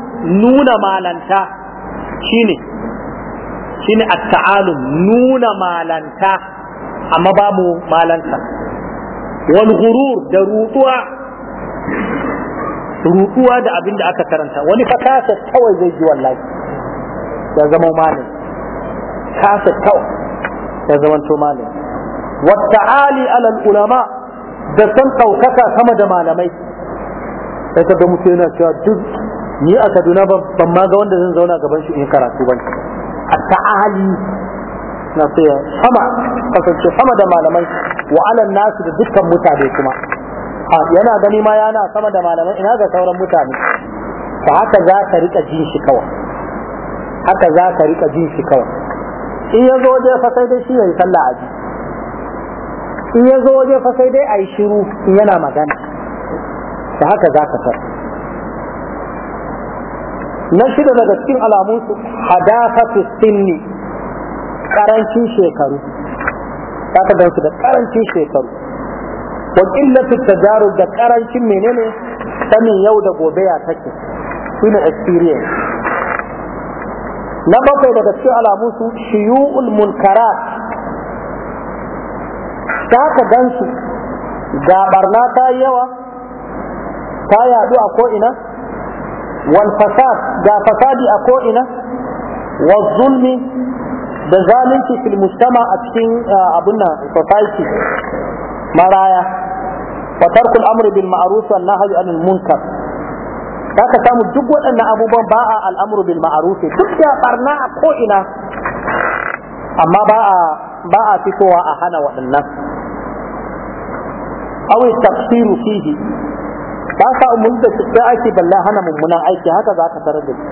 nuna malanta shine shine at-ta'alum nuna malanta amma babu malanta wal ghurur da rutuwa rutuwa da abin da aka karanta wani fa kasa kawai zai ji wallahi ya zama malin kasa kawai ya zama to malami wa ta'ali ala ulama da san daukaka sama da malamai sai ka ga mutum yana cewa duk ni a Kaduna ban ma ga wanda zan zauna gaban shi in karatu ban hatta ahali na sai sama kasance sama da malamai wa nasu da dukkan mutane kuma yana gani ma yana sama da malamai ina ga sauran mutane ta haka za ka rika jin kawai haka za ka rika jin kawai in ya zo waje fa dai shi ya sallah a ji in ya zo waje dai shiru in yana magana ta haka za ka na shida daga cikin alamun su hadafatu sinni karancin shekaru zaka gan su da karancin shekaru wa illatu tajaru da karancin menene sanin yau da gobe ya take shine experience na bakwai daga cikin alamun su shiyu'ul munkarat zaka gan su ga barna ta yawa ta yadu a ko'ina wal fasad ga fasadi a ko'ina wa zulmi da zalunci fil a cikin abun nan society maraya wa tarkul amri bil ma'ruf wan nahyi anil munkar ka samu duk waɗannan abubuwan ba a al'amru bil ma'ruf duk da barna a ko'ina amma ba a ba fitowa a hana waɗannan awi tafsiru fihi ba sa mun da aiki balla hana mummunan aiki haka za ka tarar da shi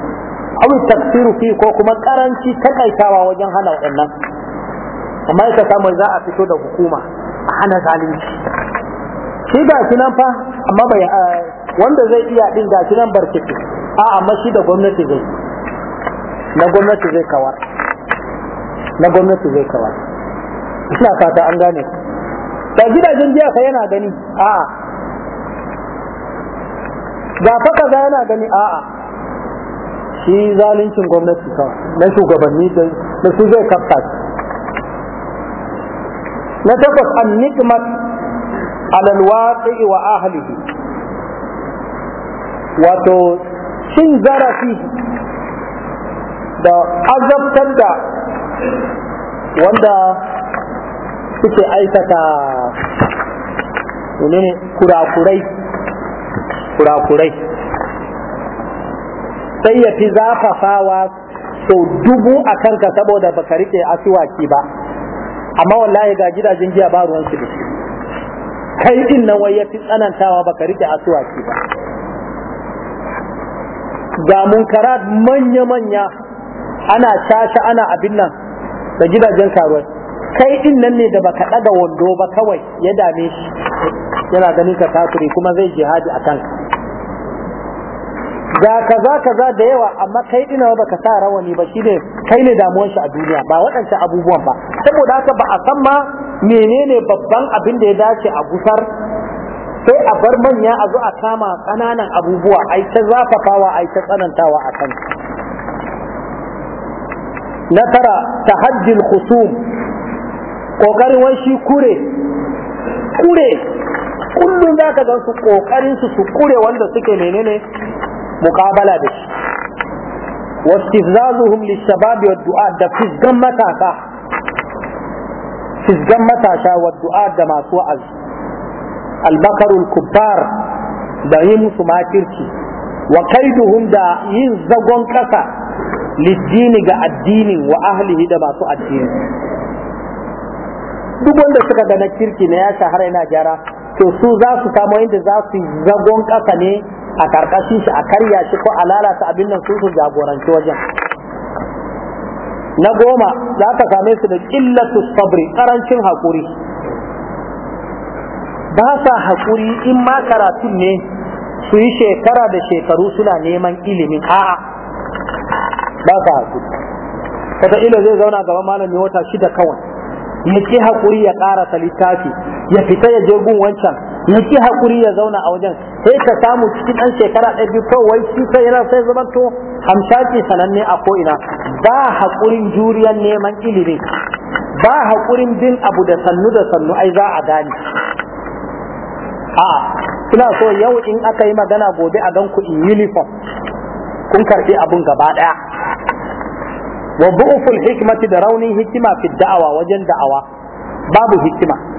awi tafsiru fi ko kuma karanci takaitawa wajen hana waɗannan amma ka samu za a fito da hukuma a hana zalunci shi ga shi nan fa amma bai wanda zai iya din ga shi nan barkiti a amma shi da gwamnati zai na gwamnati zai kawar na gwamnati zai kawar ina fata an gane ba gidajen jiya ka yana gani a'a ba fa kaza yana gani a'a shi zalincin gwamnati ka na shugabanni da su zai kafa na takwas an nikmat ala alwaqi wa ahlihi wato cin zarafi da azabtar da wanda suke aikata ne kurakurai kurakurai sai ya fi zafafawa sau dubu a kanka saboda baka rike asuwaki ba amma wallahi ga gidajen giya ba ruwan su kai din nan wai ya fi tsanantawa baka rike asuwaki ba ga munkarat manya-manya ana shasha ana abin nan da gidajen karuwai kai din nan ne da baka ɗaga wando ba kawai ya dame shi yana ganin ka kafiri kuma zai jihadi a kanka ga kaza kaza da yawa amma kai dina ba ka sa rawani ba shine kai ne damuwar shi a duniya ba waɗancan abubuwan ba saboda haka ba a san ma menene babban abin da ya dace a gusar sai a bar manya a zo a kama ƙananan abubuwa ai ta zafafawa ai ta tsanantawa a kan na tara tahajjil khusum ƙoƙarin wai shi kure kure kullum za ka su ƙoƙarin su su kure wanda suke menene mukabala da shi wastizazuhum wa du'a da fisgan matasa fisgan matasa da masu wa'azi kubbar da yi musu makirci wa kaiduhum da yin zagon kasa lidini ga addinin wa ahlihi da masu addini duk wanda suka ga na kirki na ya shahara yana gyara to su za su kama inda za su zagon kasa ne a karkashin shi a karya shi ko a lalata abin nan su su jagoranci wajen na goma za ka same su da illatu sabri karancin hakuri ba sa hakuri in ma karatun ne su yi shekara da shekaru suna neman ilimin a'a ba sa hakuri wata ila zai zauna gaban malami wata shida kawai ya ce hakuri ya karasa littafi ya fita ya je gun wancan ya ki hakuri ya zauna a wajen sai ka samu cikin ɗan shekara ɗaya biyu wai shi sai yana sai zama to hamshaki sananne a ko ina. ba haƙurin juriyar neman ilimi ba hakurin bin abu da sannu da sannu ai za a gane a ina so yau in aka yi magana gobe a ganku in uniform kun karɓi abun gaba ɗaya wa bu'uful hikmati da raunin hikima fi da'awa wajen da'awa babu hikima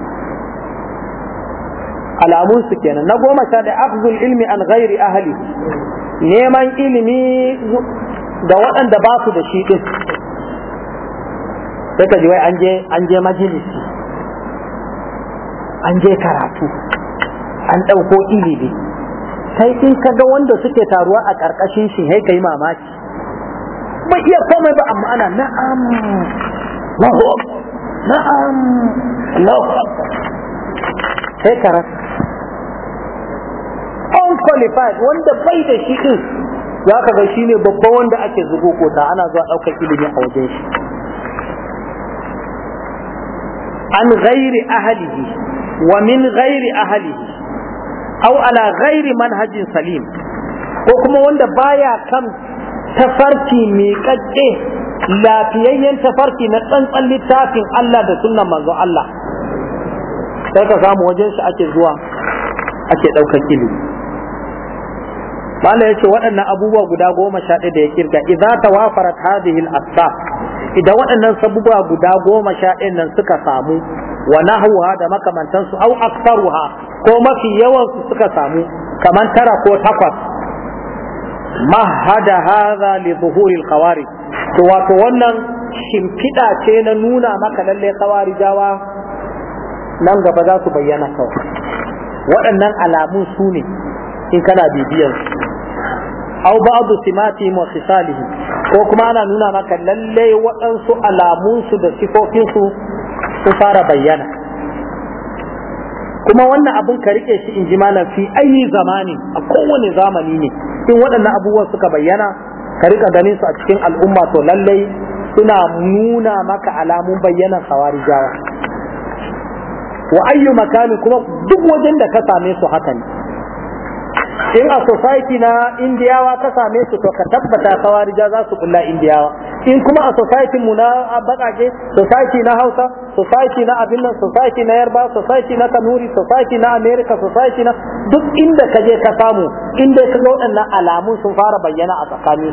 alamun su kenan na goma sha da afzul ilmi an ghairi ahli neman ilimi da waɗanda ba su da shi din sai ka ji wai an je an je majalisi an je karatu an ɗauko ilimi sai in ka ga wanda suke taruwa a ƙarƙashin shi sai kai mamaki bai iya komai ba amma ana na'am na'am na'am sai ka rasa qualified wanda bai da shi din za ka ga shine babban wanda ake zugo kota ana zuwa ɗaukar ilimi a wajen shi an ghairi ahlihi wa min ghairi ahlihi aw ala ghairi manhajin salim ko kuma wanda baya kan tafarki miƙaƙƙe lafiyayyen tafarki na tsantsan littafin Allah da sunnan manzo Allah sai ka samu wajen shi ake zuwa ake ɗaukar ilimi Malam yace waɗannan abubuwa guda goma da ya kirga idza tawafarat hadhihi al-asbab idan waɗannan sabubuwa guda goma sha nan suka samu wa nahwaha da makamantan su au aktsaruha ko mafi yawan su suka samu kaman tara ko takwas mahada hada li zuhuri al to wato wannan shimfiɗa ce na nuna maka lalle khawarijawa nan gaba za su bayyana kawai waɗannan alamun su ne in kana bibiyan aw ba'du simati wa khisalihi ko kuma ana nuna maka lalle waɗansu alamunsu da sifofinsu su fara bayyana kuma wannan abun ka rike shi in ji malam fi aini zamani a kowane zamani ne in waɗannan abubuwan suka bayyana ka rika ganin su a cikin al'umma to lallai suna nuna maka alamun bayyana khawarijawa wa ayyu makani kuma duk wajen da ka same su haka ne in a society na indiyawa ka same su to ka tabbata kawarija za su kulla indiyawa in kuma a society mu na bakage society na hausa society na abin nan society na yarba society na kanuri society na america society na duk inda ka je ka samu inda ka ga waɗannan alamun sun fara bayyana a tsakani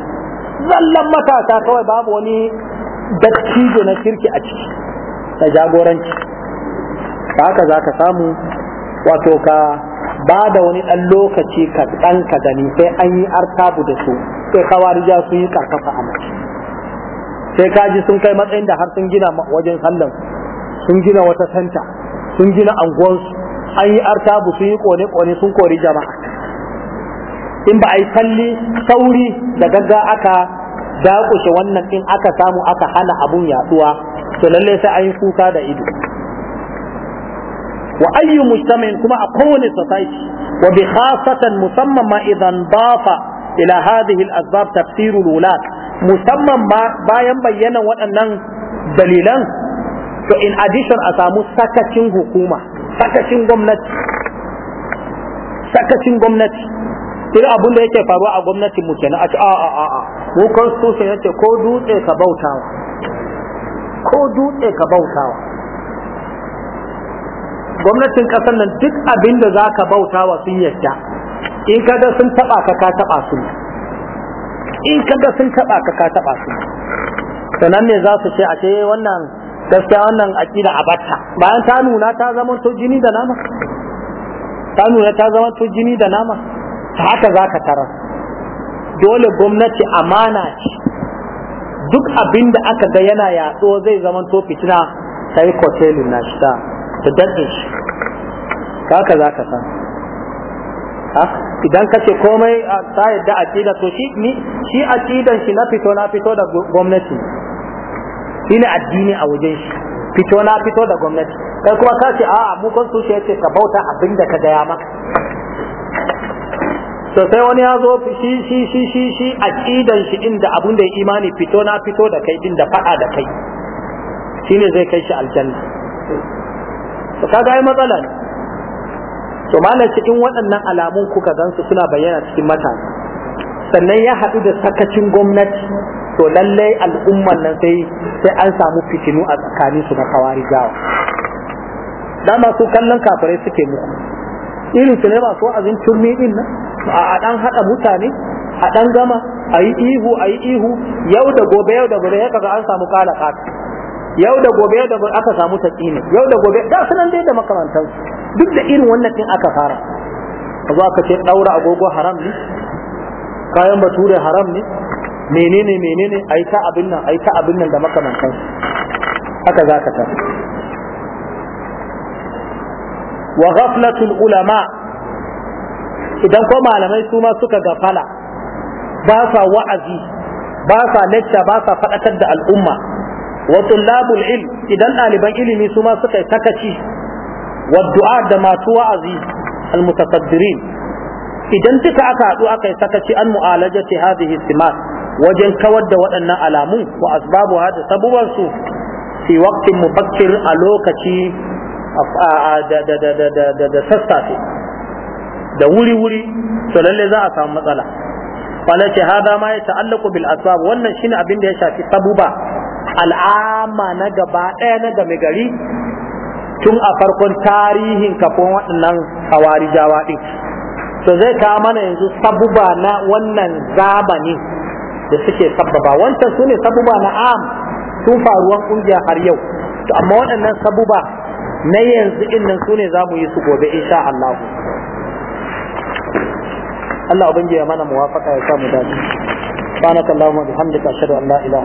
zallan matasa kawai babu wani dattijo na kirki a ciki na jagoranci haka za ka samu wato ka ba da wani ɗan lokaci ka ɗan ka gani sai an yi artabu da su sai kawarija sun yi karkasa a mace sai kaji sun kai matsayin da har sun gina wajen sallan sun gina wata santa sun gina anguwansu an yi artabu sun yi kone-kone sun kori jama'a in ba a yi salli sauri da gagga aka dakushe wannan in aka samu aka hana abun yaduwa to lallai sai an yi kuka da ido wa ayyu mujtama'in kuma a kowane society wa bi khasatan musamman ma idan dafa ila hadhihi al-asbab tafsir al-wulat musamman ma bayan bayyana waɗannan dalilan to in addition a samu sakacin hukuma sakacin gwamnati sakacin gwamnati sai abin da yake faruwa a gwamnatin mu kenan a a a a mu constitution yace ko dutse ka bautawa ko dutse ka bautawa gwamnatin kasar nan duk abin da za ka bauta wa sun yadda in kada sun taba ka ka taba su in kada sun taba ka ka taba su sanan ne za su ce a ce wannan gaskiya wannan akida a batta bayan ta nuna ta zama to jini da nama ta nuna ta zama to jini da nama ta haka za ka tarar dole gwamnati amana ce duk abin da aka ga yana yaɗo zai zama to fitina ta yi kotelin na shi Da daɗe shi haka za ka san idan ka ce komai a ta yadda aƙida to shi ni shi aƙidan shi na fito na fito da gwamnati shi ne addini a wajen shi fito na fito da gwamnati kai kuma ka ce a'a mu constitution yace ka bauta abin da ka gaya maka to sai wani ya zo shi shi shi shi shi aqidan shi din da abun da imani fito na fito da kai din da fada da kai shine zai kai shi aljanna to kaga ai matsala ne to malam cikin waɗannan alamun kuka gansu suna bayyana cikin matasa sannan ya haɗu da sakacin gwamnati to lallai al'umman nan sai sai an samu fitinu a tsakanin su na kawari gawa dama su kallon kafirai suke muku irin su ne masu azin turmi din nan a ɗan haɗa mutane a ɗan gama a yi ihu a yi ihu yau da gobe yau da gobe ya kaga an samu kala kata yau da gobe da gobe aka samu taƙi ne yau da gobe da sunan dai da makamantan duk da irin wannan din aka fara ka zo aka ce ɗaura agogo haram ne kayan bature haram ne menene menene ai ta abin nan ai ta abin nan da makamantan haka za ka ta wa ghaflatul ulama idan ko malamai su ma suka gafala ba sa wa'azi ba sa lecture ba sa faɗakar da al'umma watullabul tullabul ilm idan ɗaliban ilimi su ma suka takaci wa du'a da masu wa'azi al idan duka aka haɗu aka yi sakaci an mu'alajati hadhihi simar wajen kawar da waɗannan alamu wa asbabu hada sabuban su fi waqtin mufakkir a lokaci da sassafe da wuri-wuri to lalle za a samu matsala wala ce hada ma ya ta'allaku bil asbab wannan shine abin da ya shafi sabuba Al'ama na gaba ɗaya na game gari tun a farkon tarihin kafin waɗannan hawari jawa ɗin to zai kawo mana yanzu sabuba na wannan zamani da suke sababa wancan su ne sabuba na am sun faruwan ƙungiya har yau to amma waɗannan sabuba na yanzu innan nan su ne za mu yi su gobe insha Allah Allah ubangiji ya mana muwafaqa ya mu dace subhanakallahumma bihamdika ashhadu an la ilaha